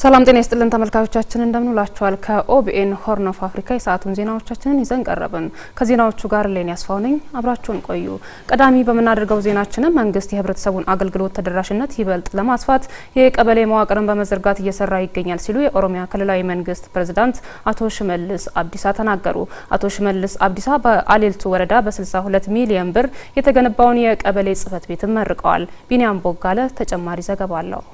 ሰላም ጤና ይስጥልን ተመልካቾቻችን፣ እንደምንውላችኋል። ከኦቢኤን ሆርን ኦፍ አፍሪካ የሰዓቱን ዜናዎቻችንን ይዘን ቀረብን። ከዜናዎቹ ጋር ሌን ያስፋው ነኝ። አብራችሁን ቆዩ። ቀዳሚ በምናደርገው ዜናችንም መንግስት የህብረተሰቡን አገልግሎት ተደራሽነት ይበልጥ ለማስፋት የቀበሌ መዋቅርን በመዘርጋት እየሰራ ይገኛል ሲሉ የኦሮሚያ ክልላዊ መንግስት ፕሬዝዳንት አቶ ሽመልስ አብዲሳ ተናገሩ። አቶ ሽመልስ አብዲሳ በአሌልቱ ወረዳ በ62 ሚሊዮን ብር የተገነባውን የቀበሌ ጽህፈት ቤትም መርቀዋል። ቢኒያም ቦጋለ ተጨማሪ ዘገባ አለው።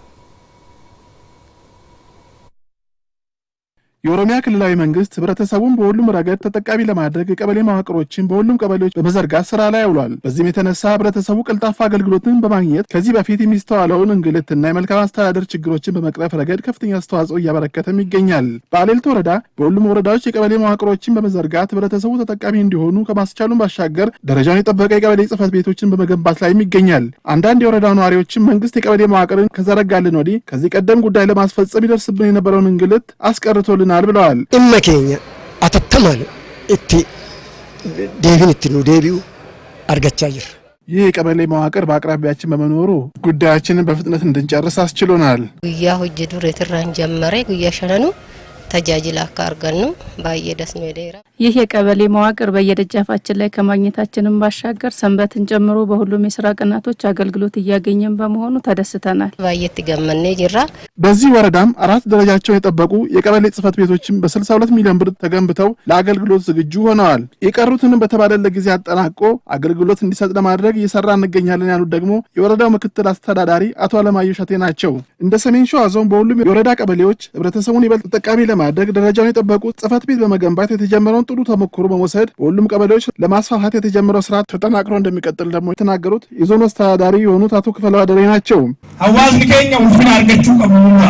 የኦሮሚያ ክልላዊ መንግስት ህብረተሰቡን በሁሉም ረገድ ተጠቃሚ ለማድረግ የቀበሌ መዋቅሮችን በሁሉም ቀበሌዎች በመዘርጋት ስራ ላይ አውሏል። በዚህም የተነሳ ህብረተሰቡ ቀልጣፋ አገልግሎትን በማግኘት ከዚህ በፊት የሚስተዋለውን እንግልትና የመልካም አስተዳደር ችግሮችን በመቅረፍ ረገድ ከፍተኛ አስተዋጽኦ እያበረከተም ይገኛል። በአሌልት ወረዳ በሁሉም ወረዳዎች የቀበሌ መዋቅሮችን በመዘርጋት ህብረተሰቡ ተጠቃሚ እንዲሆኑ ከማስቻሉን ባሻገር ደረጃውን የጠበቀ የቀበሌ ጽህፈት ቤቶችን በመገንባት ላይም ይገኛል። አንዳንድ የወረዳ ነዋሪዎችም መንግስት የቀበሌ መዋቅርን ከዘረጋልን ወዲህ ከዚህ ቀደም ጉዳይ ለማስፈጸም ይደርስብን የነበረውን እንግልት አስቀርቶልናል ይሆናል ብለዋል። እመኬኛ አተተማን እቲ ዴቢን እቲ ኑ ዴቢው አርገቻ ጅር ይህ የቀበሌ መዋቅር በአቅራቢያችን በመኖሩ ጉዳያችንን በፍጥነት እንድንጨርስ አስችሎናል። ጉያ ሁጅ ዱር የትራን ጀመሬ ጉያ ሸነኑ ተጃጅላ ካርገን ባየደስ ነው የደራ ይህ የቀበሌ መዋቅር በየደጃፋችን ላይ ከማግኘታችንም ባሻገር ሰንበትን ጨምሮ በሁሉም የስራ ቀናቶች አገልግሎት እያገኘን በመሆኑ ተደስተናል። ባየት ገመኔ ጅራ በዚህ ወረዳም አራት ደረጃቸውን የጠበቁ የቀበሌ ጽህፈት ቤቶችም በ62 ሚሊዮን ብር ተገንብተው ለአገልግሎት ዝግጁ ሆነዋል። የቀሩትንም በተባለለ ጊዜ አጠናቆ አገልግሎት እንዲሰጥ ለማድረግ እየሰራ እንገኛለን ያሉት ደግሞ የወረዳው ምክትል አስተዳዳሪ አቶ አለማየሁ ሸቴ ናቸው። እንደ ሰሜን ሸዋ ዞን በሁሉም የወረዳ ቀበሌዎች ህብረተሰቡን ይበልጥ ተጠቃሚ ለማ በማድረግ ደረጃውን የጠበቁ ጽህፈት ቤት በመገንባት የተጀመረውን ጥሩ ተሞክሮ በመውሰድ በሁሉም ቀበሌዎች ለማስፋፋት የተጀመረው ስርዓት ተጠናክሮ እንደሚቀጥል ደግሞ የተናገሩት የዞኑ አስተዳዳሪ የሆኑት አቶ ክፈለ አደሬ ናቸው። አዋዝ ኬኛ ውልፍን አርገችው ቀሙና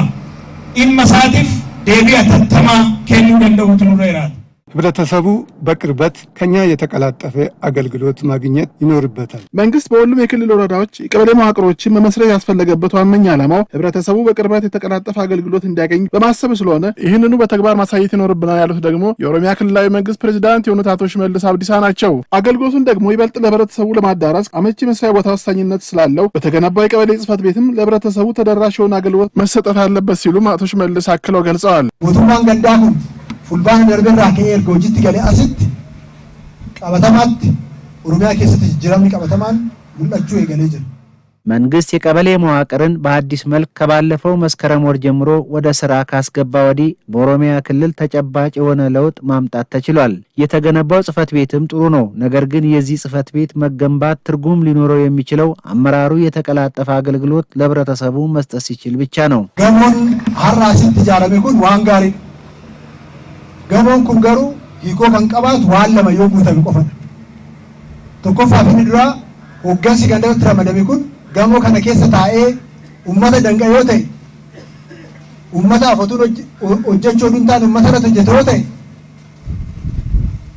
ኢመሳቲፍ ደቢ አተተማ ኬኑ ደንደውት ኑረይራት ህብረተሰቡ በቅርበት ከኛ የተቀላጠፈ አገልግሎት ማግኘት ይኖርበታል። መንግስት በሁሉም የክልል ወረዳዎች የቀበሌ መዋቅሮችን መመስረት ያስፈለገበት ዋነኛ ዓላማው ህብረተሰቡ በቅርበት የተቀላጠፈ አገልግሎት እንዲያገኝ በማሰብ ስለሆነ ይህንኑ በተግባር ማሳየት ይኖርብናል ያሉት ደግሞ የኦሮሚያ ክልላዊ መንግስት ፕሬዚዳንት የሆኑት አቶ ሽመልስ አብዲሳ ናቸው። አገልግሎቱን ደግሞ ይበልጥ ለህብረተሰቡ ለማዳረስ አመቺ መስሪያ ቦታ ወሳኝነት ስላለው በተገነባው የቀበሌ ጽህፈት ቤትም ለህብረተሰቡ ተደራሽ የሆነ አገልግሎት መሰጠት አለበት ሲሉም አቶ ሽመልስ አክለው ገልጸዋል። fulbaana darbeerraa ka'ee erga hojiitti galee asitti qabatamaatti oromiyaa keessatti jijjiiramni qabatamaan mul'achuu eegalee jira። መንግስት የቀበሌ መዋቅርን በአዲስ መልክ ከባለፈው መስከረም ወር ጀምሮ ወደ ስራ ካስገባ ወዲህ በኦሮሚያ ክልል ተጨባጭ የሆነ ለውጥ ማምጣት ተችሏል። የተገነባው ጽህፈት ቤትም ጥሩ ነው። ነገር ግን የዚህ ጽህፈት ቤት መገንባት ትርጉም ሊኖረው የሚችለው አመራሩ የተቀላጠፈ አገልግሎት ለህብረተሰቡ መስጠት ሲችል ብቻ ነው። ገሞን ሀራሲት ዋንጋሪ Gamoon kun garuu hiikoo kan qabaatu waan lama yoo guutame qofadha. Tokkoffaa fi duraa hoggansi kan irratti ramadame kun gamoo kana keessa taa'ee ummata danqa yoo ta'e ummata afatuun hojjechuu hin taane ummata irratti hojjete yoo ta'e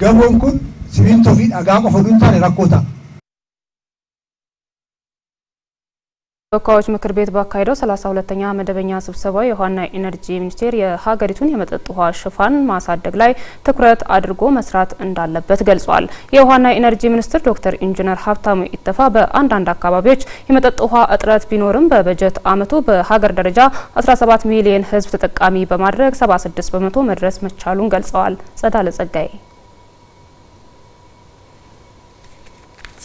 gamoon kun simintoo fi dhagaa qofa hin taane rakkoo ta'a. ተወካዮች ምክር ቤት ባካሄደው ሰላሳ ሁለተኛ መደበኛ ስብሰባ የውሃና ኢነርጂ ሚኒስቴር የሀገሪቱን የመጠጥ ውሃ ሽፋን ማሳደግ ላይ ትኩረት አድርጎ መስራት እንዳለበት ገልጿል። የውሃና ኢነርጂ ሚኒስትር ዶክተር ኢንጂነር ሀብታሙ ኢተፋ በአንዳንድ አካባቢዎች የመጠጥ ውሃ እጥረት ቢኖርም በበጀት ዓመቱ በሀገር ደረጃ 17 ሚሊዮን ሕዝብ ተጠቃሚ በማድረግ 76 በመቶ መድረስ መቻሉን ገልጸዋል። ጸዳለ ጸጋይ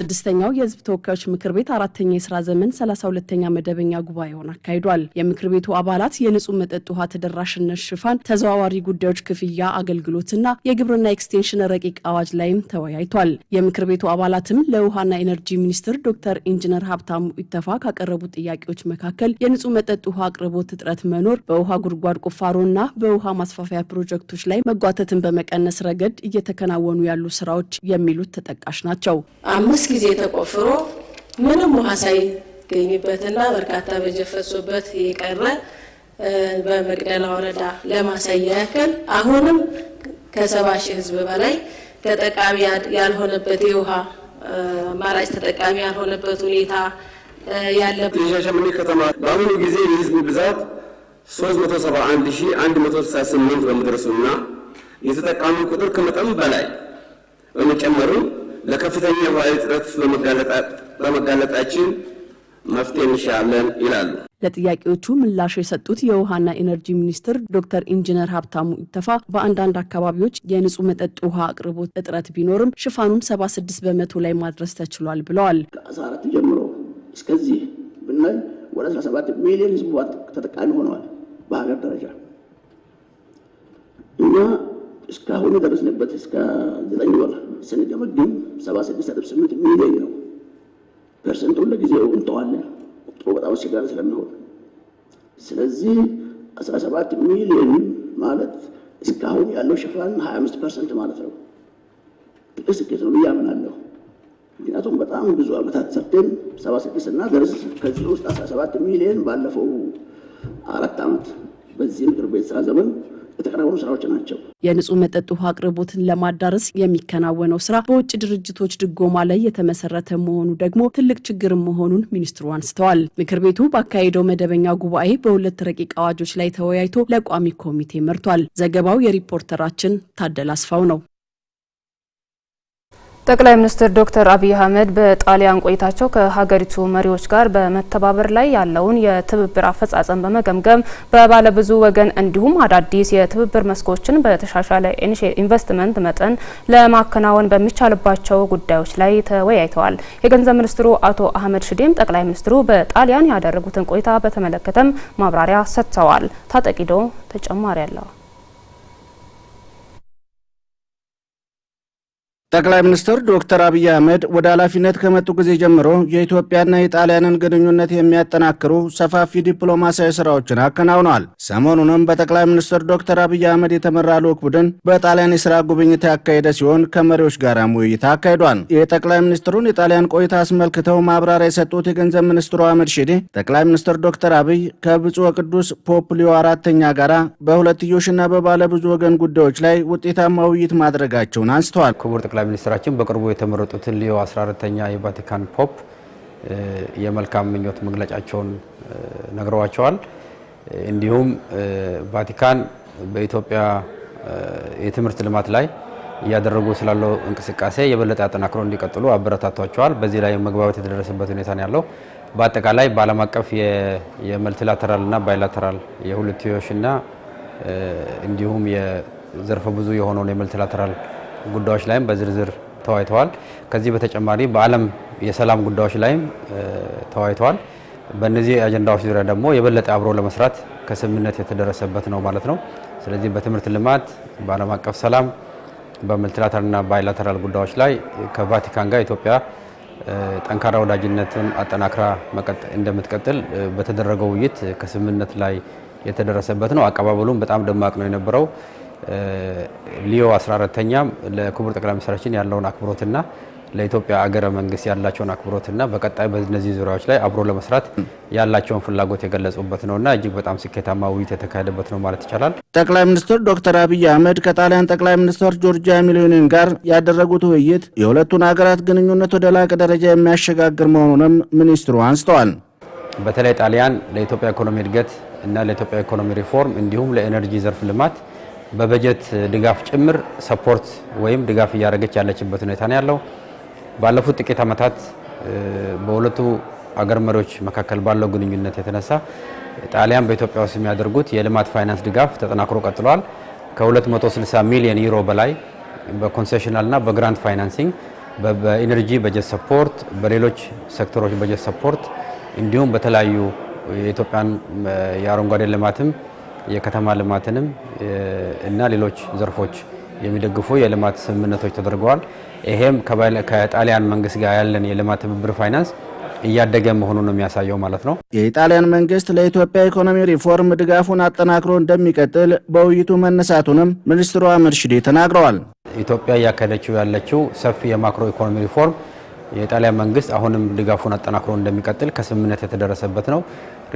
ስድስተኛው የህዝብ ተወካዮች ምክር ቤት አራተኛ የስራ ዘመን ሰላሳ ሁለተኛ መደበኛ ጉባኤውን አካሂዷል። የምክር ቤቱ አባላት የንጹህ መጠጥ ውሃ ተደራሽነት ሽፋን፣ ተዘዋዋሪ ጉዳዮች ክፍያ አገልግሎትና የግብርና ኤክስቴንሽን ረቂቅ አዋጅ ላይም ተወያይቷል። የምክር ቤቱ አባላትም ለውሃና ኤነርጂ ሚኒስትር ዶክተር ኢንጂነር ሀብታሙ ኢተፋ ካቀረቡ ጥያቄዎች መካከል የንጹህ መጠጥ ውሃ አቅርቦት እጥረት መኖር፣ በውሃ ጉድጓድ ቁፋሮና በውሃ ማስፋፊያ ፕሮጀክቶች ላይ መጓተትን በመቀነስ ረገድ እየተከናወኑ ያሉ ስራዎች የሚሉት ተጠቃሽ ናቸው። አምስት ጊዜ ተቆፍሮ ምንም ውሃ ሳይገኝበትና በርካታ በጀት ፈሶበት የቀረ በመቅደላ ወረዳ ለማሳያ ያክል አሁንም ከሰባ ሺህ ህዝብ በላይ ተጠቃሚ ያልሆነበት የውሃ አማራጭ ተጠቃሚ ያልሆነበት ሁኔታ ያለበት የሻሸመኔ ከተማ በአሁኑ ጊዜ የህዝብ ብዛት 371168 በመድረሱና የተጠቃሚ ቁጥር ከመጠኑ በላይ በመጨመሩ ለከፍተኛ የውሃ እጥረት በመጋለጣችን መፍትሄ እንሻለን ይላሉ። ለጥያቄዎቹ ምላሽ የሰጡት የውሃና ኤነርጂ ሚኒስትር ዶክተር ኢንጂነር ሀብታሙ ኢተፋ በአንዳንድ አካባቢዎች የንጹህ መጠጥ ውሃ አቅርቦት እጥረት ቢኖርም ሽፋኑን 76 በመቶ ላይ ማድረስ ተችሏል ብለዋል። ከ14 ጀምሮ እስከዚህ ብናይ ወደ 17 ሚሊዮን ህዝብ ተጠቃሚ ሆነዋል በሀገር ደረጃ እኛ እስካሁን የደረስንበት እስከ ዘጠኝ ወር ስንገመግም ሰባ ስድስት ነጥብ ስምንት ሚሊዮን ነው። ፐርሰንቱን ለጊዜው እንተዋለን፣ ቁጥሩ በጣም አስቸጋሪ ስለሚሆን። ስለዚህ አስራ ሰባት ሚሊዮን ማለት እስካሁን ያለው ሽፋን ሀያ አምስት ፐርሰንት ማለት ነው። ትልቅ ስኬት ነው ብዬ አምናለሁ። ምክንያቱም በጣም ብዙ ዓመታት ሰርተን ሰባ ስድስት እና ደርስ ከዚህ ውስጥ አስራ ሰባት ሚሊዮን ባለፈው አራት ዓመት በዚህ ምክር ቤት ስራ ዘመን የተከናወኑ ስራዎች ናቸው። የንጹህ መጠጥ ውሃ አቅርቦትን ለማዳረስ የሚከናወነው ስራ በውጭ ድርጅቶች ድጎማ ላይ የተመሰረተ መሆኑ ደግሞ ትልቅ ችግር መሆኑን ሚኒስትሩ አንስተዋል። ምክር ቤቱ ባካሄደው መደበኛ ጉባኤ በሁለት ረቂቅ አዋጆች ላይ ተወያይቶ ለቋሚ ኮሚቴ መርቷል። ዘገባው የሪፖርተራችን ታደል አስፋው ነው። ጠቅላይ ሚኒስትር ዶክተር አብይ አህመድ በጣሊያን ቆይታቸው ከሀገሪቱ መሪዎች ጋር በመተባበር ላይ ያለውን የትብብር አፈጻጸም በመገምገም በባለብዙ ወገን እንዲሁም አዳዲስ የትብብር መስኮችን በተሻሻለ ኢንቨስትመንት መጠን ለማከናወን በሚቻልባቸው ጉዳዮች ላይ ተወያይተዋል። የገንዘብ ሚኒስትሩ አቶ አህመድ ሽዴም ጠቅላይ ሚኒስትሩ በጣሊያን ያደረጉትን ቆይታ በተመለከተም ማብራሪያ ሰጥተዋል። ታጠቂዶ ተጨማሪ አለው። ጠቅላይ ሚኒስትር ዶክተር አብይ አህመድ ወደ ኃላፊነት ከመጡ ጊዜ ጀምሮ የኢትዮጵያና የጣሊያንን ግንኙነት የሚያጠናክሩ ሰፋፊ ዲፕሎማሲያዊ ስራዎችን አከናውነዋል። ሰሞኑንም በጠቅላይ ሚኒስትር ዶክተር አብይ አህመድ የተመራ ልዑክ ቡድን በጣሊያን የስራ ጉብኝት ያካሄደ ሲሆን ከመሪዎች ጋርም ውይይት አካሂዷል። የጠቅላይ ሚኒስትሩን የጣሊያን ቆይታ አስመልክተው ማብራሪያ የሰጡት የገንዘብ ሚኒስትሩ አህመድ ሺዴ ጠቅላይ ሚኒስትር ዶክተር አብይ ከብፁዕ ወቅዱስ ፖፕ ሊዮ አራተኛ ጋር በሁለትዮሽና በባለብዙ ወገን ጉዳዮች ላይ ውጤታማ ውይይት ማድረጋቸውን አንስተዋል። ጠቅላይ ሚኒስትራችን በቅርቡ የተመረጡትን ሊዮ 14ተኛ የቫቲካን ፖፕ የመልካም ምኞት መግለጫቸውን ነግረዋቸዋል። እንዲሁም ቫቲካን በኢትዮጵያ የትምህርት ልማት ላይ እያደረጉ ስላለው እንቅስቃሴ የበለጠ አጠናክሮ እንዲቀጥሉ አበረታቷቸዋል። በዚህ ላይ መግባባት የተደረሰበት ሁኔታ ነው ያለው። በአጠቃላይ በዓለም አቀፍ የመልቲላተራልና ባይላተራል የሁለትዮሽና እንዲሁም የዘርፈ ብዙ የሆነውን የመልቲላተራል ጉዳዮች ላይም በዝርዝር ተወያይተዋል። ከዚህ በተጨማሪ በዓለም የሰላም ጉዳዮች ላይም ተወያይተዋል። በእነዚህ አጀንዳዎች ዙሪያ ደግሞ የበለጠ አብሮ ለመስራት ከስምምነት የተደረሰበት ነው ማለት ነው። ስለዚህ በትምህርት ልማት፣ በዓለም አቀፍ ሰላም፣ በሙልቲላተራልና ባይላተራል ጉዳዮች ላይ ከቫቲካን ጋር ኢትዮጵያ ጠንካራ ወዳጅነትን አጠናክራ እንደምትቀጥል በተደረገው ውይይት ከስምምነት ላይ የተደረሰበት ነው። አቀባበሉም በጣም ደማቅ ነው የነበረው። ሊዮ 14ተኛም ለክቡር ጠቅላይ ሚኒስትራችን ያለውን አክብሮትና ለኢትዮጵያ አገረ መንግስት ያላቸውን አክብሮትና በቀጣይ በእነዚህ ዙሪያዎች ላይ አብሮ ለመስራት ያላቸውን ፍላጎት የገለጹበት ነውና እጅግ በጣም ስኬታማ ውይይት የተካሄደበት ነው ማለት ይቻላል። ጠቅላይ ሚኒስትር ዶክተር አብይ አህመድ ከጣሊያን ጠቅላይ ሚኒስትር ጆርጂያ ሚሊዮኒን ጋር ያደረጉት ውይይት የሁለቱን ሀገራት ግንኙነት ወደ ላቀ ደረጃ የሚያሸጋግር መሆኑንም ሚኒስትሩ አንስተዋል። በተለይ ጣሊያን ለኢትዮጵያ ኢኮኖሚ እድገት እና ለኢትዮጵያ ኢኮኖሚ ሪፎርም እንዲሁም ለኤነርጂ ዘርፍ ልማት በበጀት ድጋፍ ጭምር ሰፖርት ወይም ድጋፍ እያደረገች ያለችበት ሁኔታ ነው ያለው። ባለፉት ጥቂት ዓመታት በሁለቱ አገር መሪዎች መካከል ባለው ግንኙነት የተነሳ ጣሊያን በኢትዮጵያ ውስጥ የሚያደርጉት የልማት ፋይናንስ ድጋፍ ተጠናክሮ ቀጥሏል። ከ260 ሚሊዮን ዩሮ በላይ በኮንሴሽናልና በግራንት ፋይናንሲንግ በኢነርጂ በጀት ሰፖርት፣ በሌሎች ሴክተሮች በጀት ሰፖርት እንዲሁም በተለያዩ የኢትዮጵያን የአረንጓዴ ልማትም የከተማ ልማትንም እና ሌሎች ዘርፎች የሚደግፉ የልማት ስምምነቶች ተደርገዋል። ይሄም ከጣሊያን መንግስት ጋር ያለን የልማት ትብብር ፋይናንስ እያደገ መሆኑን ነው የሚያሳየው ማለት ነው። የኢጣሊያን መንግስት ለኢትዮጵያ ኢኮኖሚ ሪፎርም ድጋፉን አጠናክሮ እንደሚቀጥል በውይይቱ መነሳቱንም ሚኒስትሩ አህመድ ሽዴ ተናግረዋል። ኢትዮጵያ እያካሄደችው ያለችው ሰፊ የማክሮ ኢኮኖሚ ሪፎርም የጣሊያን መንግስት አሁንም ድጋፉን አጠናክሮ እንደሚቀጥል ከስምምነት የተደረሰበት ነው።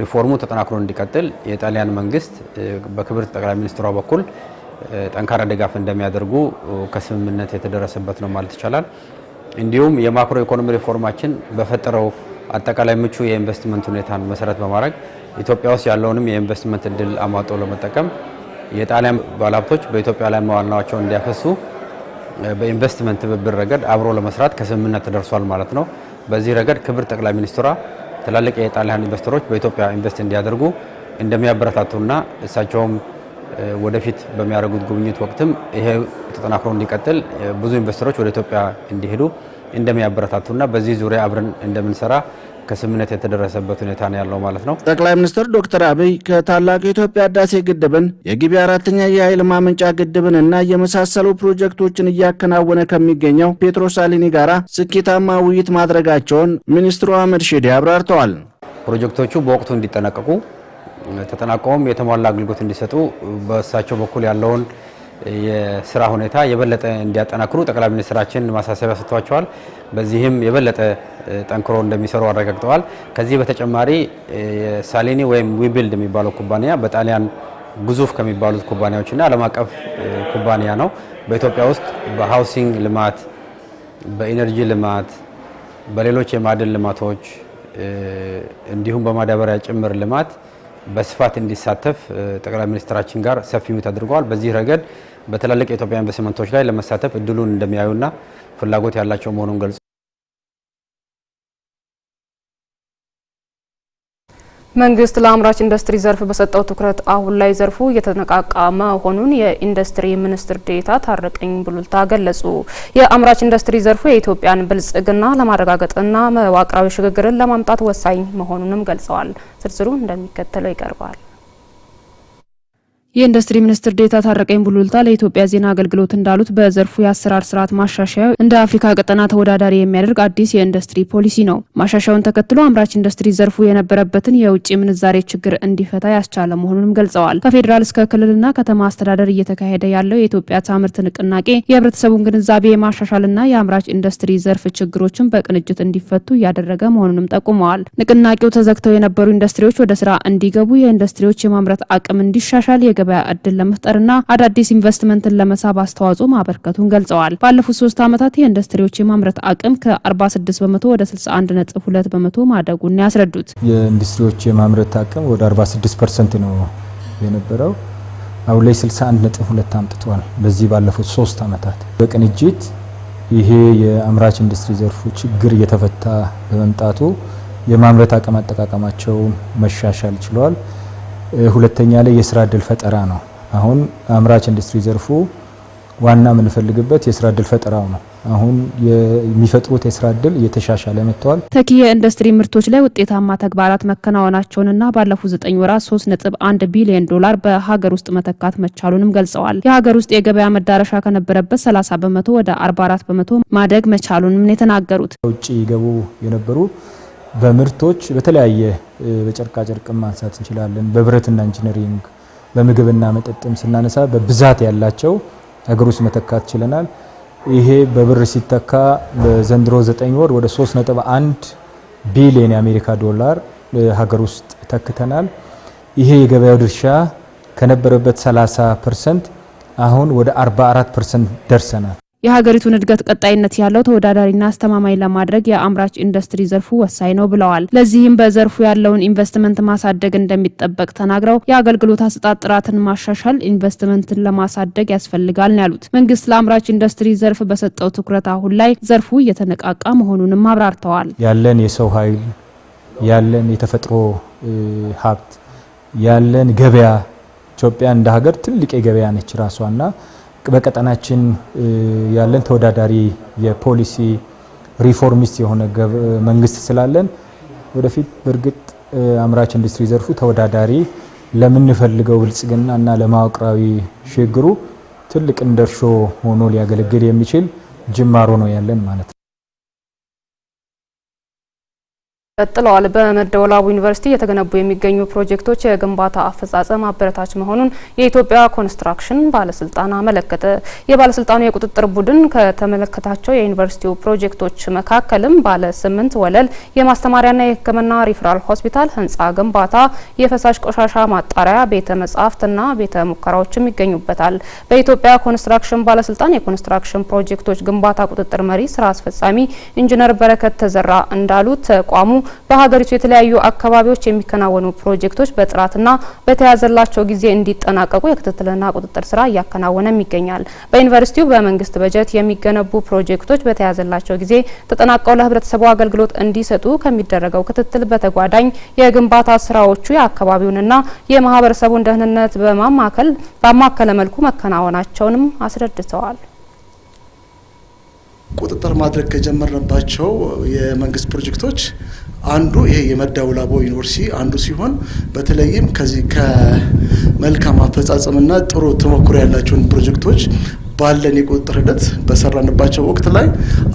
ሪፎርሙ ተጠናክሮ እንዲቀጥል የጣሊያን መንግስት በክብር ጠቅላይ ሚኒስትሯ በኩል ጠንካራ ድጋፍ እንደሚያደርጉ ከስምምነት የተደረሰበት ነው ማለት ይቻላል። እንዲሁም የማክሮ ኢኮኖሚ ሪፎርማችን በፈጠረው አጠቃላይ ምቹ የኢንቨስትመንት ሁኔታን መሰረት በማድረግ ኢትዮጵያ ውስጥ ያለውንም የኢንቨስትመንት እድል አሟጦ ለመጠቀም የጣሊያን ባለሀብቶች በኢትዮጵያ ላይ መዋዕለ ንዋያቸውን እንዲያፈሱ በኢንቨስትመንት ትብብር ረገድ አብሮ ለመስራት ከስምምነት ተደርሷል ማለት ነው። በዚህ ረገድ ክብር ጠቅላይ ሚኒስትሯ ትላልቅ የጣሊያን ኢንቨስተሮች በኢትዮጵያ ኢንቨስት እንዲያደርጉ እንደሚያበረታቱና እሳቸውም ወደፊት በሚያደርጉት ጉብኝት ወቅትም ይሄ ተጠናክሮ እንዲቀጥል ብዙ ኢንቨስተሮች ወደ ኢትዮጵያ እንዲሄዱ እንደሚያበረታቱና በዚህ ዙሪያ አብረን እንደምንሰራ ከስምምነት የተደረሰበት ሁኔታ ነው ያለው ማለት ነው። ጠቅላይ ሚኒስትር ዶክተር አብይ ከታላቁ የኢትዮጵያ ህዳሴ ግድብን የጊቤ አራተኛ የኃይል ማመንጫ ግድብን እና የመሳሰሉ ፕሮጀክቶችን እያከናወነ ከሚገኘው ፔትሮስ ሳሊኒ ጋራ ስኬታማ ውይይት ማድረጋቸውን ሚኒስትሩ አህመድ ሼዴ አብራርተዋል። ፕሮጀክቶቹ በወቅቱ እንዲጠናቀቁ ተጠናቀውም የተሟላ አገልግሎት እንዲሰጡ በእሳቸው በኩል ያለውን የስራ ሁኔታ የበለጠ እንዲያጠናክሩ ጠቅላይ ሚኒስትራችን ማሳሰቢያ ሰጥቷቸዋል። በዚህም የበለጠ ጠንክሮ እንደሚሰሩ አረጋግጠዋል። ከዚህ በተጨማሪ ሳሊኒ ወይም ዊቢልድ የሚባለው ኩባንያ በጣሊያን ግዙፍ ከሚባሉት ኩባንያዎችና ዓለም አቀፍ ኩባንያ ነው። በኢትዮጵያ ውስጥ በሃውሲንግ ልማት፣ በኢነርጂ ልማት፣ በሌሎች የማዕድን ልማቶች እንዲሁም በማዳበሪያ ጭምር ልማት በስፋት እንዲሳተፍ ጠቅላይ ሚኒስትራችን ጋር ሰፊ ውይይት አድርገዋል። በዚህ ረገድ በትላልቅ የኢትዮጵያ ኢንቨስትመንቶች ላይ ለመሳተፍ እድሉን እንደሚያዩና ፍላጎት ያላቸው መሆኑን ገልጸዋል። መንግስት ለአምራች ኢንዱስትሪ ዘርፍ በሰጠው ትኩረት አሁን ላይ ዘርፉ እየተነቃቃ መሆኑን የኢንዱስትሪ ሚኒስትር ዴታ ታረቀኝ ብሉልታ ገለጹ። የአምራች ኢንዱስትሪ ዘርፉ የኢትዮጵያን ብልጽግና ለማረጋገጥና መዋቅራዊ ሽግግርን ለማምጣት ወሳኝ መሆኑንም ገልጸዋል። ዝርዝሩ እንደሚከተለው ይቀርባል። የኢንዱስትሪ ሚኒስትር ዴታ ታረቀኝ ቡሉልታ ለኢትዮጵያ ዜና አገልግሎት እንዳሉት በዘርፉ የአሰራር ስርዓት ማሻሻያ እንደ አፍሪካ ቀጠና ተወዳዳሪ የሚያደርግ አዲስ የኢንዱስትሪ ፖሊሲ ነው። ማሻሻውን ተከትሎ አምራች ኢንዱስትሪ ዘርፉ የነበረበትን የውጭ ምንዛሬ ችግር እንዲፈታ ያስቻለ መሆኑንም ገልጸዋል። ከፌዴራል እስከ ክልልና ከተማ አስተዳደር እየተካሄደ ያለው የኢትዮጵያ ታምርት ንቅናቄ የህብረተሰቡን ግንዛቤ የማሻሻልና የአምራች ኢንዱስትሪ ዘርፍ ችግሮችን በቅንጅት እንዲፈቱ እያደረገ መሆኑንም ጠቁመዋል። ንቅናቄው ተዘግተው የነበሩ ኢንዱስትሪዎች ወደ ስራ እንዲገቡ፣ የኢንዱስትሪዎች የማምረት አቅም እንዲሻሻል፣ የገ የገበያ እድል ለመፍጠርና አዳዲስ ኢንቨስትመንትን ለመሳብ አስተዋጽኦ ማበርከቱን ገልጸዋል። ባለፉት ሶስት ዓመታት የኢንዱስትሪዎች የማምረት አቅም ከ46 በመቶ ወደ 61.2 በመቶ ማደጉን ያስረዱት የኢንዱስትሪዎች የማምረት አቅም ወደ 46 ፐርሰንት ነው የነበረው አሁን ላይ 61.2 አምጥቷል። በዚህ ባለፉት ሶስት ዓመታት በቅንጅት ይሄ የአምራች ኢንዱስትሪ ዘርፉ ችግር እየተፈታ በመምጣቱ የማምረት አቅም አጠቃቀማቸውን መሻሻል ችለዋል። ሁለተኛ ላይ የስራ እድል ፈጠራ ነው። አሁን አምራች ኢንዱስትሪ ዘርፉ ዋና የምንፈልግበት የስራ እድል ፈጠራው ነው። አሁን የሚፈጥሩት የስራ እድል እየተሻሻለ መጥተዋል። ተኪ የኢንዱስትሪ ምርቶች ላይ ውጤታማ ተግባራት መከናወናቸውንና ባለፉት ዘጠኝ ወራት ሶስት ነጥብ አንድ ቢሊዮን ዶላር በሀገር ውስጥ መተካት መቻሉንም ገልጸዋል። የሀገር ውስጥ የገበያ መዳረሻ ከነበረበት 30 በመቶ ወደ 44 በመቶ ማደግ መቻሉንም የተናገሩት ከውጭ ይገቡ የነበሩ በምርቶች በተለያየ ጨርቅ ማንሳት እንችላለን። በብረትና ኢንጂነሪንግ፣ በምግብና መጠጥም ስናነሳ በብዛት ያላቸው ሀገር ውስጥ መተካት ችለናል። ይሄ በብር ሲተካ በዘንድሮ 9 ወር ወደ 3.1 ቢሊዮን የአሜሪካ ዶላር ሀገር ውስጥ ተክተናል። ይሄ የገበያው ድርሻ ከነበረበት 30 ፐርሰንት አሁን ወደ 44 ፐርሰንት ደርሰናል። የሀገሪቱን እድገት ቀጣይነት ያለው ተወዳዳሪና አስተማማኝ ለማድረግ የአምራች ኢንዱስትሪ ዘርፉ ወሳኝ ነው ብለዋል። ለዚህም በዘርፉ ያለውን ኢንቨስትመንት ማሳደግ እንደሚጠበቅ ተናግረው የአገልግሎት አሰጣጥ ጥራትን ማሻሻል ኢንቨስትመንትን ለማሳደግ ያስፈልጋል ነው ያሉት። መንግስት ለአምራች ኢንዱስትሪ ዘርፍ በሰጠው ትኩረት አሁን ላይ ዘርፉ እየተነቃቃ መሆኑንም አብራርተዋል። ያለን የሰው ኃይል ያለን የተፈጥሮ ሀብት ያለን ገበያ ኢትዮጵያ እንደ ሀገር ትልቅ የገበያ ነች ራሷና በቀጠናችን ያለን ተወዳዳሪ የፖሊሲ ሪፎርሚስት የሆነ መንግስት ስላለን ወደፊት በእርግጥ አምራች ኢንዱስትሪ ዘርፉ ተወዳዳሪ ለምንፈልገው ብልጽግና እና ለማወቅራዊ ሽግግሩ ትልቅ እንደርሾ ሆኖ ሊያገለግል የሚችል ጅማሮ ነው ያለን ማለት ነው። ቀጥለዋል። በመደወላቡ ዩኒቨርሲቲ የተገነቡ የሚገኙ ፕሮጀክቶች የግንባታ አፈጻጸም አበረታች መሆኑን የኢትዮጵያ ኮንስትራክሽን ባለስልጣን አመለከተ። የባለስልጣኑ የቁጥጥር ቡድን ከተመለከታቸው የዩኒቨርሲቲው ፕሮጀክቶች መካከልም ባለ ስምንት ወለል የማስተማሪያና የሕክምና ሪፍራል ሆስፒታል ህንፃ ግንባታ፣ የፈሳሽ ቆሻሻ ማጣሪያ፣ ቤተ መጻሕፍትና ቤተ ሙከራዎችም ይገኙበታል። በኢትዮጵያ ኮንስትራክሽን ባለስልጣን የኮንስትራክሽን ፕሮጀክቶች ግንባታ ቁጥጥር መሪ ስራ አስፈጻሚ ኢንጂነር በረከት ተዘራ እንዳሉት ተቋሙ በሀገሪቱ የተለያዩ አካባቢዎች የሚከናወኑ ፕሮጀክቶች በጥራትና በተያዘላቸው ጊዜ እንዲጠናቀቁ የክትትልና ቁጥጥር ስራ እያከናወነም ይገኛል። በዩኒቨርሲቲው በመንግስት በጀት የሚገነቡ ፕሮጀክቶች በተያዘላቸው ጊዜ ተጠናቀው ለህብረተሰቡ አገልግሎት እንዲሰጡ ከሚደረገው ክትትል በተጓዳኝ የግንባታ ስራዎቹ የአካባቢውንና የማህበረሰቡን ደህንነት በማማከል ባማከለ መልኩ መከናወናቸውንም አስረድተዋል። ቁጥጥር ማድረግ ከጀመርንባቸው የመንግስት ፕሮጀክቶች አንዱ ይሄ ላቦ ዩኒቨርሲቲ አንዱ ሲሆን በተለይም ከዚህ ከመልካም አፈጻጸምና ጥሩ ተሞክሮ ያላቸውን ፕሮጀክቶች ባለን የቁጥጥር ሂደት በሰራንባቸው ወቅት ላይ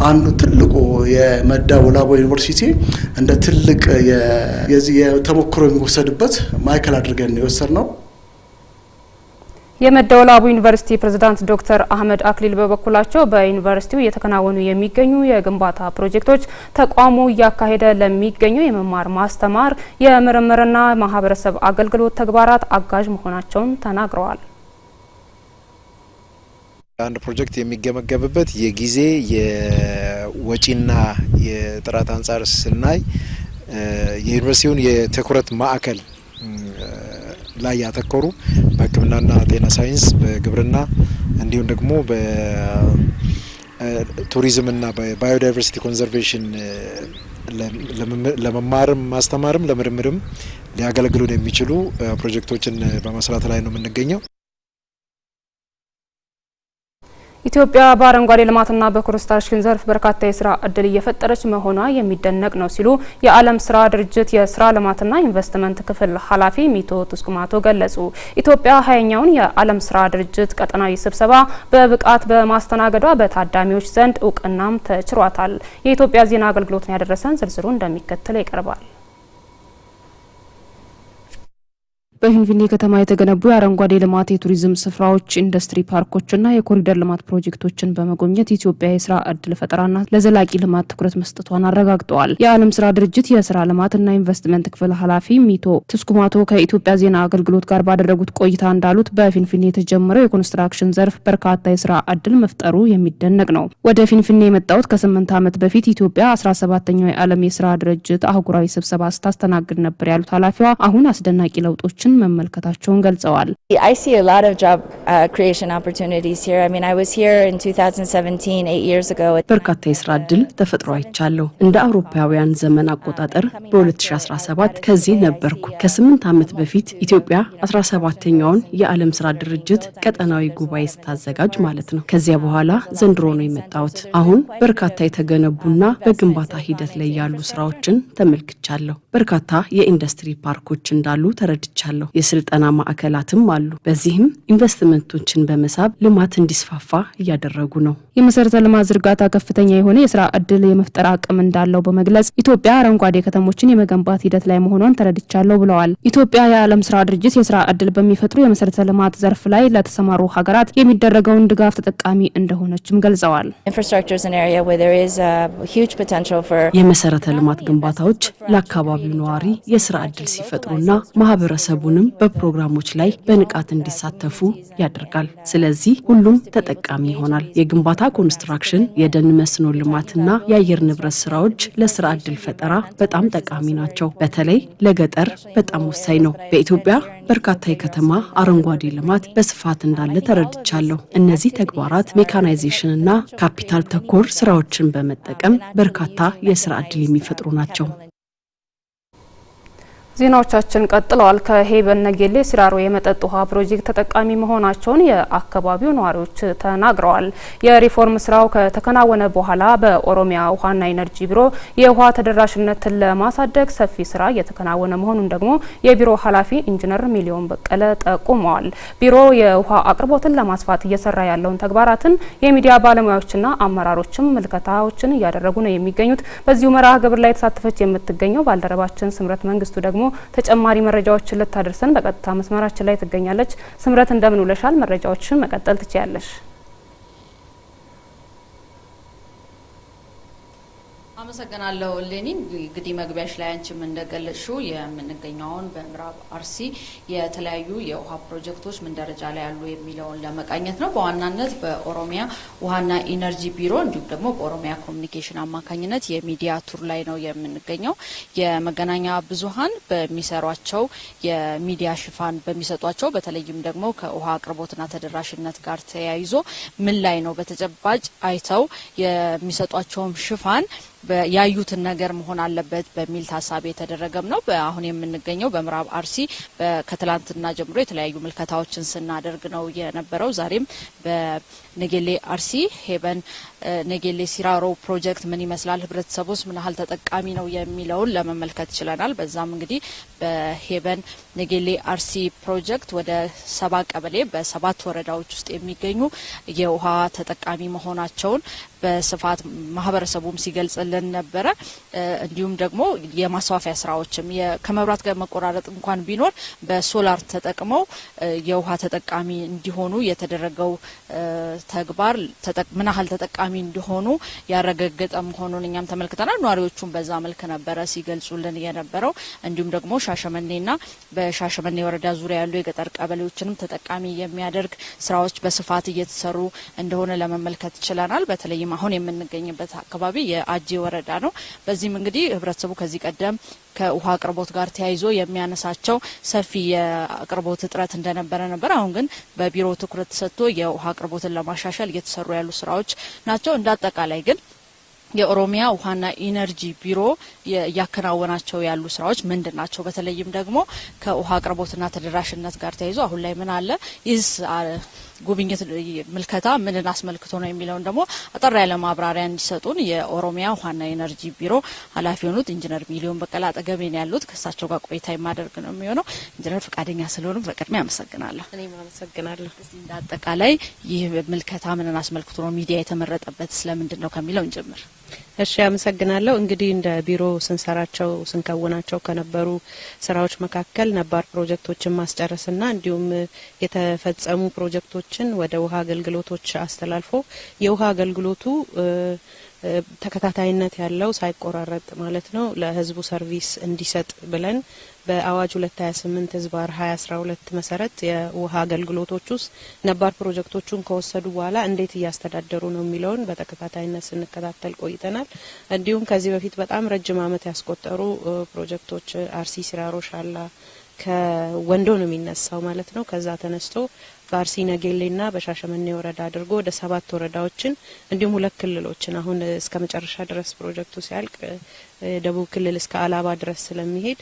አንዱ ትልቁ የመዳ ወላቦ ዩኒቨርሲቲ እንደ ትልቅ የዚህ የተሞክሮ የሚወሰድበት ማዕከል አድርገን የወሰድ ነው። አቡ ዩኒቨርሲቲ ፕሬዝዳንት ዶክተር አህመድ አክሊል በበኩላቸው በዩኒቨርሲቲው እየተከናወኑ የሚገኙ የግንባታ ፕሮጀክቶች ተቋሙ እያካሄደ ለሚገኘው የመማር ማስተማር፣ የምርምርና ማህበረሰብ አገልግሎት ተግባራት አጋዥ መሆናቸውን ተናግረዋል። አንድ ፕሮጀክት የሚገመገምበት የጊዜ የወጪና የጥራት አንጻር ስናይ የዩኒቨርሲቲውን የትኩረት ማዕከል ላይ ያተኮሩ በህክምናና ጤና ሳይንስ፣ በግብርና እንዲሁም ደግሞ በቱሪዝምና በባዮዳይቨርሲቲ ኮንዘርቬሽን ለመማርም ማስተማርም ለምርምርም ሊያገለግሉን የሚችሉ ፕሮጀክቶችን በመስራት ላይ ነው የምንገኘው። ኢትዮጵያ በአረንጓዴ ልማትና በኮንስትራክሽን ዘርፍ በርካታ የስራ እድል እየፈጠረች መሆኗ የሚደነቅ ነው ሲሉ የዓለም ስራ ድርጅት የስራ ልማትና ኢንቨስትመንት ክፍል ኃላፊ ሚቶ ቱስኩማቶ ገለጹ። ኢትዮጵያ ሀያኛውን የዓለም ስራ ድርጅት ቀጠናዊ ስብሰባ በብቃት በማስተናገዷ በታዳሚዎች ዘንድ እውቅናም ተችሯታል። የኢትዮጵያ ዜና አገልግሎትን ያደረሰን ዝርዝሩ እንደሚከተለው ይቀርባል። በፊንፊኔ ከተማ የተገነቡ የአረንጓዴ ልማት የቱሪዝም ስፍራዎች፣ ኢንዱስትሪ ፓርኮችና የኮሪደር ልማት ፕሮጀክቶችን በመጎብኘት ኢትዮጵያ የስራ እድል ፈጠራና ለዘላቂ ልማት ትኩረት መስጠቷን አረጋግጠዋል። የዓለም ስራ ድርጅት የስራ ልማትና ኢንቨስትመንት ክፍል ኃላፊ ሚቶ ትስኩማቶ ከኢትዮጵያ ዜና አገልግሎት ጋር ባደረጉት ቆይታ እንዳሉት በፊንፊኔ የተጀመረው የኮንስትራክሽን ዘርፍ በርካታ የስራ እድል መፍጠሩ የሚደነቅ ነው። ወደ ፊንፊኔ የመጣሁት ከስምንት ዓመት በፊት ኢትዮጵያ አስራ ሰባተኛው የዓለም የስራ ድርጅት አህጉራዊ ስብሰባ ስታስተናግድ ነበር ያሉት ኃላፊዋ አሁን አስደናቂ ለውጦችን ስራዎችን መመልከታቸውን ገልጸዋል። uh, በርካታ የስራ እድል ተፈጥሮ አይቻለሁ። እንደ አውሮፓውያን ዘመን አቆጣጠር በ2017 ከዚህ ነበርኩ። ከስምንት ዓመት በፊት ኢትዮጵያ 17ተኛውን የዓለም ስራ ድርጅት ቀጠናዊ ጉባኤ ስታዘጋጅ ማለት ነው። ከዚያ በኋላ ዘንድሮ ነው የመጣሁት። አሁን በርካታ የተገነቡና በግንባታ ሂደት ላይ ያሉ ስራዎችን ተመልክቻለሁ። በርካታ የኢንዱስትሪ ፓርኮች እንዳሉ ተረድቻለሁ። አለው። የስልጠና ማዕከላትም አሉ። በዚህም ኢንቨስትመንቶችን በመሳብ ልማት እንዲስፋፋ እያደረጉ ነው። የመሰረተ ልማት ዝርጋታ ከፍተኛ የሆነ የስራ እድል የመፍጠር አቅም እንዳለው በመግለጽ ኢትዮጵያ አረንጓዴ ከተሞችን የመገንባት ሂደት ላይ መሆኗን ተረድቻለሁ ብለዋል። ኢትዮጵያ የዓለም ስራ ድርጅት የስራ እድል በሚፈጥሩ የመሰረተ ልማት ዘርፍ ላይ ለተሰማሩ ሀገራት የሚደረገውን ድጋፍ ተጠቃሚ እንደሆነችም ገልጸዋል። የመሰረተ ልማት ግንባታዎች ለአካባቢው ነዋሪ የስራ እድል ሲፈጥሩና ማህበረሰቡ አሁንም በፕሮግራሞች ላይ በንቃት እንዲሳተፉ ያደርጋል። ስለዚህ ሁሉም ተጠቃሚ ይሆናል። የግንባታ ኮንስትራክሽን፣ የደን መስኖ ልማትና የአየር ንብረት ስራዎች ለስራ ዕድል ፈጠራ በጣም ጠቃሚ ናቸው። በተለይ ለገጠር በጣም ወሳኝ ነው። በኢትዮጵያ በርካታ የከተማ አረንጓዴ ልማት በስፋት እንዳለ ተረድቻለሁ። እነዚህ ተግባራት ሜካናይዜሽን እና ካፒታል ተኮር ስራዎችን በመጠቀም በርካታ የስራ ዕድል የሚፈጥሩ ናቸው። ዜናዎቻችን ቀጥለዋል። ከሄበን ነጌሌ ሲራሮ የመጠጥ ውሃ ፕሮጀክት ተጠቃሚ መሆናቸውን የአካባቢው ነዋሪዎች ተናግረዋል። የሪፎርም ስራው ከተከናወነ በኋላ በኦሮሚያ ውሃና ኢነርጂ ቢሮ የውሃ ተደራሽነትን ለማሳደግ ሰፊ ስራ እየተከናወነ መሆኑን ደግሞ የቢሮ ኃላፊ ኢንጂነር ሚሊዮን በቀለ ጠቁመዋል። ቢሮ የውሃ አቅርቦትን ለማስፋት እየሰራ ያለውን ተግባራትን የሚዲያ ባለሙያዎችና አመራሮችም ምልከታዎችን እያደረጉ ነው የሚገኙት። በዚሁ መርሃ ግብር ላይ የተሳተፈች የምትገኘው ባልደረባችን ስምረት መንግስቱ ደግሞ ደግሞ ተጨማሪ መረጃዎችን ልታደርሰን በቀጥታ መስመራችን ላይ ትገኛለች። ስምረት እንደምን ውለሻል? መረጃዎችን መቀጠል ትችያለሽ። አመሰግናለሁ ሌኒ። እንግዲህ መግቢያሽ ላይ አንቺም እንደገለጽሽው የምንገኘውን በምዕራብ አርሲ የተለያዩ የውሃ ፕሮጀክቶች ምን ደረጃ ላይ ያሉ የሚለውን ለመቃኘት ነው። በዋናነት በኦሮሚያ ውሃና ኢነርጂ ቢሮ እንዲሁም ደግሞ በኦሮሚያ ኮሚኒኬሽን አማካኝነት የሚዲያ ቱር ላይ ነው የምንገኘው። የመገናኛ ብዙሃን በሚሰሯቸው የሚዲያ ሽፋን በሚሰጧቸው በተለይም ደግሞ ከውሃ አቅርቦትና ተደራሽነት ጋር ተያይዞ ምን ላይ ነው በተጨባጭ አይተው የሚሰጧቸውም ሽፋን ያዩትን ነገር መሆን አለበት በሚል ታሳቢ የተደረገም ነው። አሁን የምንገኘው በምዕራብ አርሲ ከትላንትና ጀምሮ የተለያዩ ምልከታዎችን ስናደርግ ነው የነበረው። ዛሬም ነጌሌ አርሲ ሄበን ነጌሌ ሲራሮ ፕሮጀክት ምን ይመስላል፣ ህብረተሰቡስ ምን ያህል ተጠቃሚ ነው የሚለውን ለመመልከት ችለናል። በዛም እንግዲህ በሄበን ነጌሌ አርሲ ፕሮጀክት ወደ ሰባ ቀበሌ በሰባት ወረዳዎች ውስጥ የሚገኙ የውሃ ተጠቃሚ መሆናቸውን በስፋት ማህበረሰቡም ሲገልጽልን ነበረ። እንዲሁም ደግሞ የማስፋፊያ ስራዎችም ከመብራት ጋር መቆራረጥ እንኳን ቢኖር በሶላር ተጠቅመው የውሃ ተጠቃሚ እንዲሆኑ የተደረገው ተግባር ምን ያህል ተጠቃሚ እንደሆኑ ያረጋገጠ መሆኑን እኛም ተመልክተናል። ነዋሪዎቹም በዛ መልክ ነበረ ሲገልጹልን የነበረው። እንዲሁም ደግሞ ሻሸመኔና በሻሸመኔ ወረዳ ዙሪያ ያሉ የገጠር ቀበሌዎችንም ተጠቃሚ የሚያደርግ ስራዎች በስፋት እየተሰሩ እንደሆነ ለመመልከት ችለናል። በተለይም አሁን የምንገኝበት አካባቢ የአጄ ወረዳ ነው። በዚህም እንግዲህ ህብረተሰቡ ከዚህ ቀደም ከውሃ አቅርቦት ጋር ተያይዞ የሚያነሳቸው ሰፊ የአቅርቦት እጥረት እንደነበረ ነበር። አሁን ግን በቢሮ ትኩረት ተሰጥቶ የውሃ አቅርቦትን ለማሻሻል እየተሰሩ ያሉ ስራዎች ናቸው። እንደ አጠቃላይ ግን የኦሮሚያ ውሃና ኢነርጂ ቢሮ እያከናወናቸው ያሉ ስራዎች ምንድን ናቸው? በተለይም ደግሞ ከውሃ አቅርቦትና ተደራሽነት ጋር ተያይዞ አሁን ላይ ምን አለ ይስ ጉብኝት ምልከታ ምንን አስመልክቶ ነው የሚለውን ደግሞ አጠር ያለ ማብራሪያ እንዲሰጡን የኦሮሚያ ውሃና ኤነርጂ ቢሮ ኃላፊ የሆኑት ኢንጂነር ሚሊዮን በቀለ አጠገቤ ያሉት። ከእሳቸው ጋር ቆይታ የማደርግ ነው የሚሆነው። ኢንጂነር ፈቃደኛ ስለሆኑ በቅድሚያ አመሰግናለሁ። እኔም አመሰግናለሁ። እንደ አጠቃላይ ይህ ምልከታ ምንን አስመልክቶ ነው ሚዲያ የተመረጠበት ስለምንድን ነው ከሚለው እንጀምር። እሺ አመሰግናለሁ። እንግዲህ እንደ ቢሮ ስንሰራቸው ስንከውናቸው ከነበሩ ስራዎች መካከል ነባር ፕሮጀክቶችን ማስጨረስና እንዲሁም የተፈጸሙ ፕሮጀክቶችን ወደ ውሃ አገልግሎቶች አስተላልፎ የውሃ አገልግሎቱ ተከታታይነት ያለው ሳይቆራረጥ ማለት ነው ለህዝቡ ሰርቪስ እንዲሰጥ ብለን በአዋጅ 228 ህዝባር 2012 መሰረት የውሃ አገልግሎቶች ውስጥ ነባር ፕሮጀክቶቹን ከወሰዱ በኋላ እንዴት እያስተዳደሩ ነው የሚለውን በተከታታይነት ስንከታተል ቆይተናል። እንዲሁም ከዚህ በፊት በጣም ረጅም ዓመት ያስቆጠሩ ፕሮጀክቶች አርሲ ሲራሮ ሻላ ከወንዶ ነው የሚነሳው ማለት ነው። ከዛ ተነስቶ በአርሲ ነገሌና በሻሸመኔ ወረዳ አድርጎ ወደ ሰባት ወረዳዎችን እንዲሁም ሁለት ክልሎችን አሁን እስከ መጨረሻ ድረስ ፕሮጀክቱ ሲያልቅ ደቡብ ክልል እስከ አላባ ድረስ ስለሚሄድ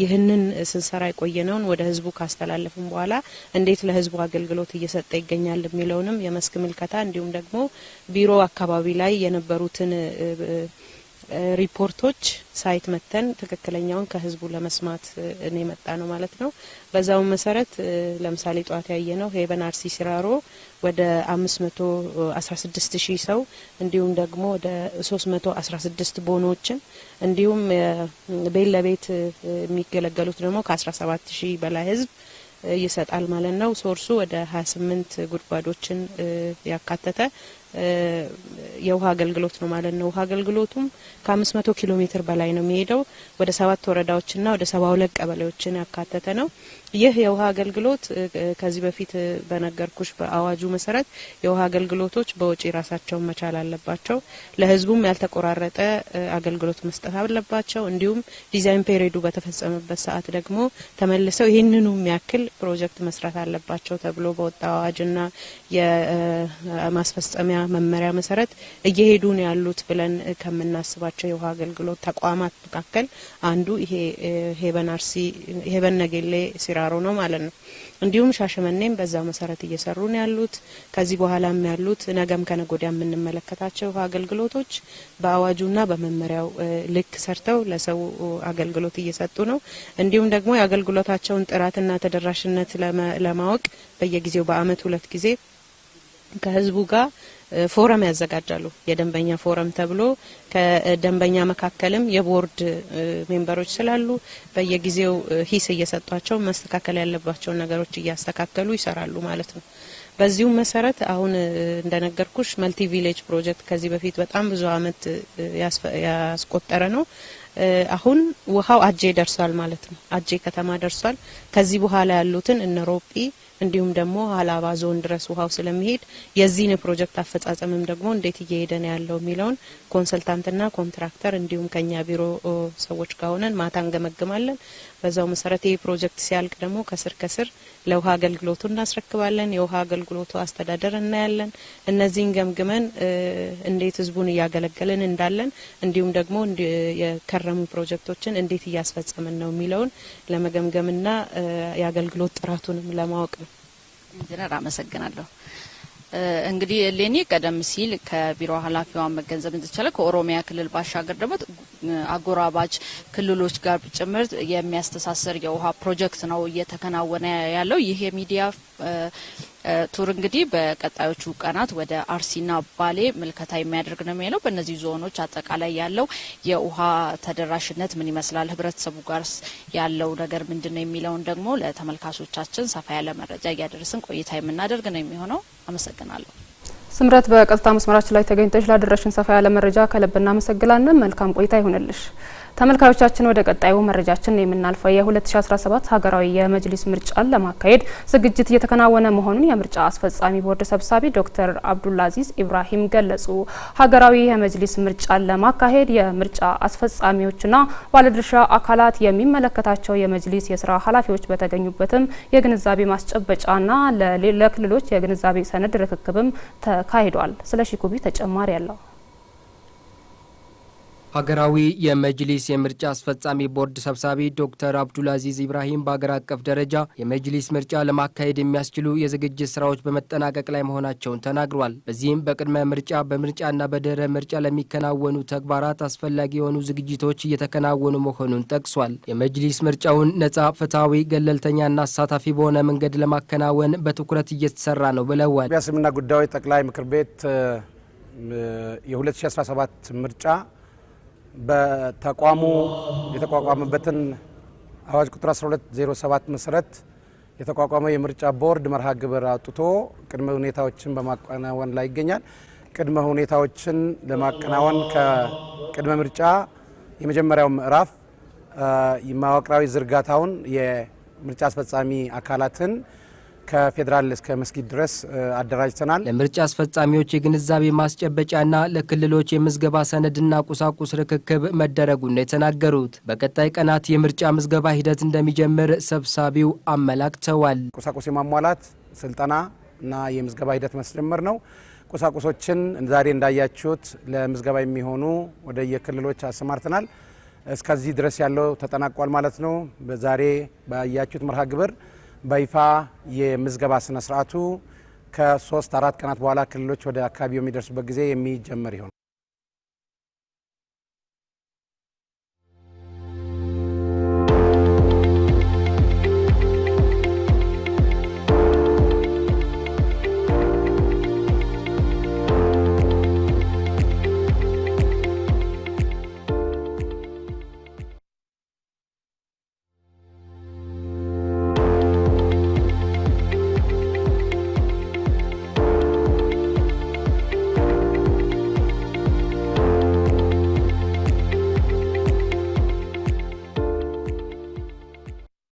ይህንን ስንሰራ የቆየነውን ወደ ህዝቡ ካስተላለፍን በኋላ እንዴት ለህዝቡ አገልግሎት እየሰጠ ይገኛል የሚለውንም የመስክ ምልከታ እንዲሁም ደግሞ ቢሮ አካባቢ ላይ የነበሩትን ሪፖርቶች ሳይት መተን ትክክለኛውን ከህዝቡ ለመስማት እኔ መጣ ነው ማለት ነው። በዛው መሰረት ለምሳሌ ጠዋት ያየ ነው ሄበን አርሲ ሲራሮ ወደ አምስት መቶ አስራ ስድስት ሺህ ሰው እንዲሁም ደግሞ ወደ ሶስት መቶ አስራ ስድስት ቦኖችን እንዲሁም ቤት ለቤት የሚገለገሉት ደግሞ ከአስራ ሰባት ሺህ በላይ ህዝብ ይሰጣል ማለት ነው። ሶርሱ ወደ ሀያ ስምንት ጉድጓዶችን ያካተተ የውሃ አገልግሎት ነው ማለት ነው። ውሃ አገልግሎቱም ከ500 ኪሎ ሜትር በላይ ነው የሚሄደው ወደ ሰባት ወረዳዎችና ወደ ሰባ ሁለት ቀበሌዎችን ያካተተ ነው። ይህ የውሃ አገልግሎት ከዚህ በፊት በነገርኩሽ በአዋጁ መሰረት የውሃ አገልግሎቶች በውጪ ራሳቸውን መቻል አለባቸው። ለህዝቡም ያልተቆራረጠ አገልግሎት መስጠት አለባቸው። እንዲሁም ዲዛይን ፔሪዱ በተፈጸመበት ሰዓት ደግሞ ተመልሰው ይህንኑ የሚያክል ፕሮጀክት መስራት አለባቸው ተብሎ በወጣ አዋጅና የማስፈጸሚያ መመሪያ መሰረት እየሄዱ ነው ያሉት ብለን ከምናስባቸው የውሃ አገልግሎት ተቋማት መካከል አንዱ ይሄ ሄበን አርሲ ሄበን ነገሌ ኪራሮ ነው ማለት ነው። እንዲሁም ሻሸመኔም በዛው መሰረት እየሰሩ ነው ያሉት። ከዚህ በኋላም ያሉት ነገም ከነጎዳ ወዲያ የምንመለከታቸው አገልግሎቶች በአዋጁና በመመሪያው ልክ ሰርተው ለሰው አገልግሎት እየሰጡ ነው። እንዲሁም ደግሞ የአገልግሎታቸውን ጥራትና ተደራሽነት ለማወቅ በየጊዜው በአመት ሁለት ጊዜ ከህዝቡ ጋር ፎረም ያዘጋጃሉ። የደንበኛ ፎረም ተብሎ ከደንበኛ መካከልም የቦርድ ሜምበሮች ስላሉ በየጊዜው ሂስ እየሰጧቸው መስተካከል ያለባቸውን ነገሮች እያስተካከሉ ይሰራሉ ማለት ነው። በዚሁም መሰረት አሁን እንደነገርኩሽ መልቲ ቪሌጅ ፕሮጀክት ከዚህ በፊት በጣም ብዙ አመት ያስቆጠረ ነው። አሁን ውሃው አጄ ደርሷል ማለት ነው። አጄ ከተማ ደርሷል። ከዚህ በኋላ ያሉትን እነ ሮጲ እንዲሁም ደግሞ ሀላባ ዞን ድረስ ውሃው ስለሚሄድ የዚህን ፕሮጀክት አፈጻጸምም ደግሞ እንዴት እየሄደ ነው ያለው የሚለውን ኮንሰልታንትና ኮንትራክተር እንዲሁም ከኛ ቢሮ ሰዎች ጋር ሆነን ማታ እንገመግማለን። በዛው መሰረት ይህ ፕሮጀክት ሲያልቅ ደግሞ ከስር ከስር ለውሃ አገልግሎቱ እናስረክባለን። የውሃ አገልግሎቱ አስተዳደር እናያለን። እነዚህን ገምግመን እንዴት ህዝቡን እያገለገልን እንዳለን እንዲሁም ደግሞ የከረሙ ፕሮጀክቶችን እንዴት እያስፈጸምን ነው የሚለውን ለመገምገምና የአገልግሎት ጥራቱንም ለማወቅ ኢንጂነር አመሰግናለሁ። እንግዲህ ሌኒ ቀደም ሲል ከቢሮ ኃላፊዋ መገንዘብ እንደተቻለ ከኦሮሚያ ክልል ባሻገር ደግሞ አጎራባች ክልሎች ጋር ጭምር የሚያስተሳሰር የውሃ ፕሮጀክት ነው እየተከናወነ ያለው ይህ የሚዲያ ቱር እንግዲህ በቀጣዮቹ ቀናት ወደ አርሲና ባሌ ምልከታ የሚያደርግ ነው የሚለው። በእነዚህ ዞኖች አጠቃላይ ያለው የውሃ ተደራሽነት ምን ይመስላል፣ ህብረተሰቡ ጋር ያለው ነገር ምንድን ነው የሚለውን ደግሞ ለተመልካቾቻችን ሰፋ ያለ መረጃ እያደረስን ቆይታ የምናደርግ ነው የሚሆነው። አመሰግናለሁ። ስምረት፣ በቀጥታ መስመራችን ላይ ተገኝተች ላደረሽን ሰፋ ያለ መረጃ ከልብ እናመሰግናለን። መልካም ቆይታ ይሆንልሽ። ተመልካዮቻችን ወደ ቀጣዩ መረጃችን የምናልፈው የ2017 ሀገራዊ የመጅሊስ ምርጫን ለማካሄድ ዝግጅት እየተከናወነ መሆኑን የምርጫ አስፈጻሚ ቦርድ ሰብሳቢ ዶክተር አብዱልአዚዝ ኢብራሂም ገለጹ። ሀገራዊ የመጅሊስ ምርጫን ለማካሄድ የምርጫ አስፈጻሚዎችና ባለድርሻ አካላት የሚመለከታቸው የመጅሊስ የስራ ኃላፊዎች በተገኙበትም የግንዛቤ ማስጨበጫና ለክልሎች የግንዛቤ ሰነድ ርክክብም ተካሂዷል። ስለሺ ኩቢ ተጨማሪ ያለው ሀገራዊ የመጅሊስ የምርጫ አስፈጻሚ ቦርድ ሰብሳቢ ዶክተር አብዱልአዚዝ ኢብራሂም በአገር አቀፍ ደረጃ የመጅሊስ ምርጫ ለማካሄድ የሚያስችሉ የዝግጅት ስራዎች በመጠናቀቅ ላይ መሆናቸውን ተናግሯል። በዚህም በቅድመ ምርጫ፣ በምርጫና በድህረ ምርጫ ለሚከናወኑ ተግባራት አስፈላጊ የሆኑ ዝግጅቶች እየተከናወኑ መሆኑን ጠቅሷል። የመጅሊስ ምርጫውን ነጻ፣ ፍትሐዊ፣ ገለልተኛና አሳታፊ በሆነ መንገድ ለማከናወን በትኩረት እየተሰራ ነው ብለዋል። ጉዳዮች ጠቅላይ ምክር ቤት የ2017 ምርጫ በተቋሙ የተቋቋመበትን አዋጅ ቁጥር 1207 መሰረት የተቋቋመው የምርጫ ቦርድ መርሃ ግብር አውጥቶ ቅድመ ሁኔታዎችን በማከናወን ላይ ይገኛል። ቅድመ ሁኔታዎችን ለማከናወን ከቅድመ ምርጫ የመጀመሪያው ምዕራፍ መዋቅራዊ ዝርጋታውን የምርጫ አስፈጻሚ አካላትን ከፌዴራል እስከ መስጊድ ድረስ አደራጅተናል። ለምርጫ አስፈጻሚዎች የግንዛቤ ማስጨበጫና ለክልሎች የምዝገባ ሰነድና ቁሳቁስ ርክክብ መደረጉን ነው የተናገሩት። በቀጣይ ቀናት የምርጫ ምዝገባ ሂደት እንደሚጀምር ሰብሳቢው አመላክተዋል። ቁሳቁስ የማሟላት ስልጠና እና የምዝገባ ሂደት ማስጀመር ነው። ቁሳቁሶችን ዛሬ እንዳያችሁት ለምዝገባ የሚሆኑ ወደ የክልሎች አሰማርተናል። እስከዚህ ድረስ ያለው ተጠናቋል ማለት ነው። በዛሬ ባያችሁት መርሃ ግብር በይፋ የምዝገባ ስነ ስርዓቱ ከሶስት አራት ቀናት በኋላ ክልሎች ወደ አካባቢው የሚደርሱበት ጊዜ የሚጀመር ይሆናል።